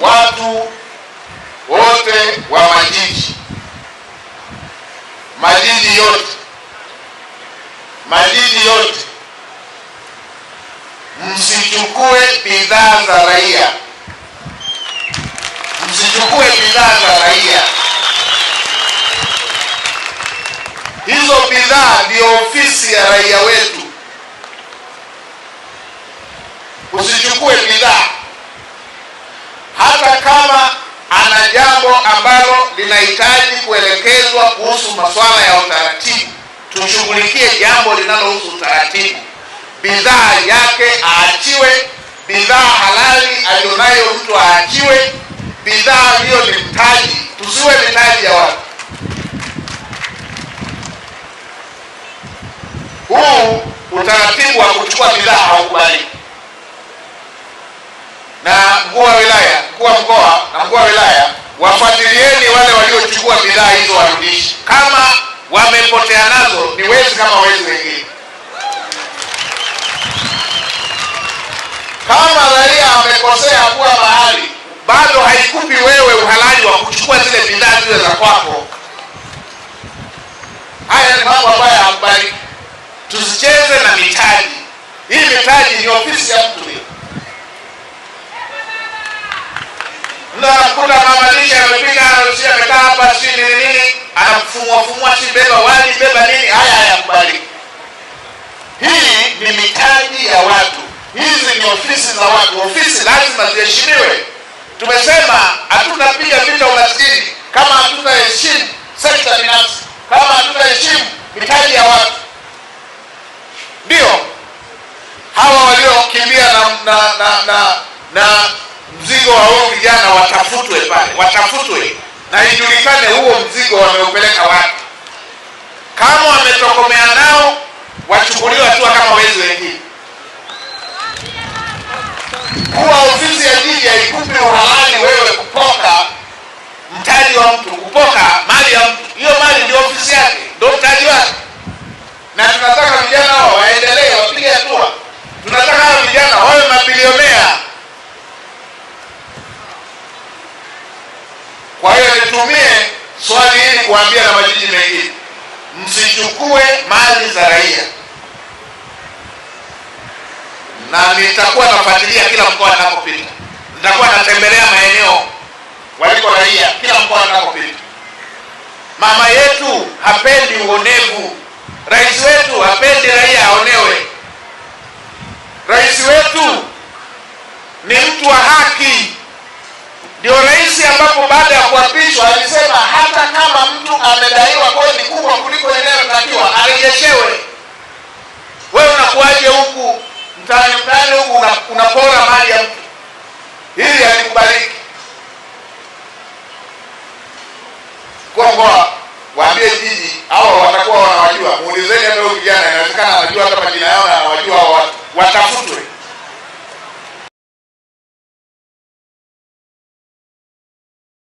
watu wote wa majiji, majiji yote, majiji yote, msichukue bidhaa za raia, msichukue bidhaa za raia. Hizo bidhaa ndiyo ofisi ya raia wetu, usichukue jambo ambalo linahitaji kuelekezwa kuhusu masuala ya utaratibu. Tushughulikie jambo linalohusu utaratibu, bidhaa yake aachiwe, bidhaa halali aliyonayo mtu aachiwe, bidhaa hiyo ni mtaji, tusiwe mitaji ya watu. Huu utaratibu wa kuchukua bidhaa haukubaliki na mkuu wa wilaya, mkuu wa mkoa na mkuu wa wilaya wafuatilieni wale waliochukua bidhaa hizo warudishe. Kama wamepotea nazo ni wezi kama wezi wengine. Kama raia amekosea kuwa mahali, bado haikupi wewe uhalali wa kuchukua zile bidhaa zile za kwako. Haya ni mambo ambayo hayakubaliki. Tusicheze na mitaji hii. Mitaji ni ofisi ya mtu. mtakuta mama lishe amepika anarusia amekaa hapa si nini nini anamfumua si beba wali beba nini haya hayakubaliki hii ni mitaji ya watu hizi ni ofisi za watu ofisi lazima ziheshimiwe tumesema hatutapiga vita umaskini kama hatutaheshimu sekta binafsi kama hatutaheshimu mitaji ya watu ndio hawa waliokimbia na na na na, na mzigo wa huo vijana watafutwe pale, watafutwe na ijulikane huo mzigo wameupeleka wapi. Kama wametokomea nao, wachukuliwe hatua kama wezi wengine. Kuwa ofisi ya jiji haikupi uhalali wewe kupoka mtaji wa mtu, kupoka mali ya mtu. nitumie swali hili kuambia na majiji mengine, msichukue mali za raia, na nitakuwa nafuatilia kila mkoa ninapopita, nitakuwa natembelea maeneo waliko raia kila mkoa ninapopita. Mama yetu hapendi uonevu, rais wetu hapendi raia aonewe. Rais wetu ni mtu wa haki. kuapishwa alisema hata kama mtu amedaiwa kodi kubwa kuliko inayotakiwa arejeshewe. Wewe unakuaje huku mtaani mtaani huku unapora mali ya mtu? Hili halikubaliki. Kongoa waambie jiji, hao watakuwa wanawajua. Muulizeni hata huyu kijana, inawezekana anajua hata majina yao na anawajua hao watu, watafutwe